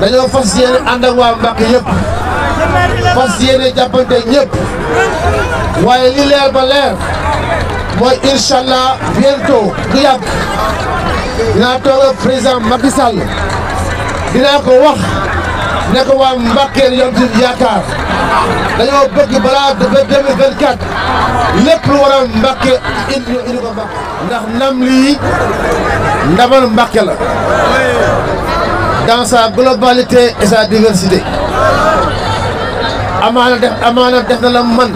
dañoo fas yéene ànd ak waa Mbàkke yëpp fas jàppante ñëpp waaye li leer ba leer mooy incha allah bientôt du yàgg toog ak président Macky Sall dinaa ko wax ne ko waa Mbàkke yom ci yaakaar dañoo bëgg balaa ba 2024 lépp lu war a Mbàkke indi ko Mbàkke ndax ndam lii ndamal Mbàkke la dans sa globalité et sa diversité amaana def amaana def na la man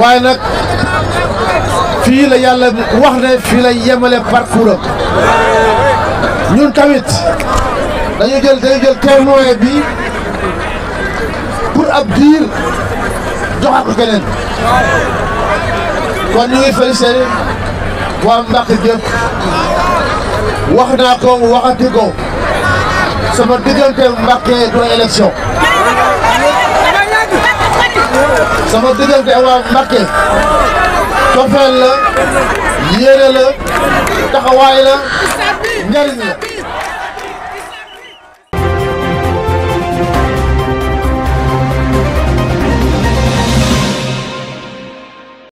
waaye nag fii la yàlla wax ne fii la yemale parcours am ñun tamit dañu jël dañu jël témoin bi pour ab diir joxaat ko keneen kon ñu ngi waa Mbacke Diop wax naa ko waxati ko sama diggante Mbàkke do élection sama diggante waa Mbàkke cofeel la yéene la taxawaay la njariñ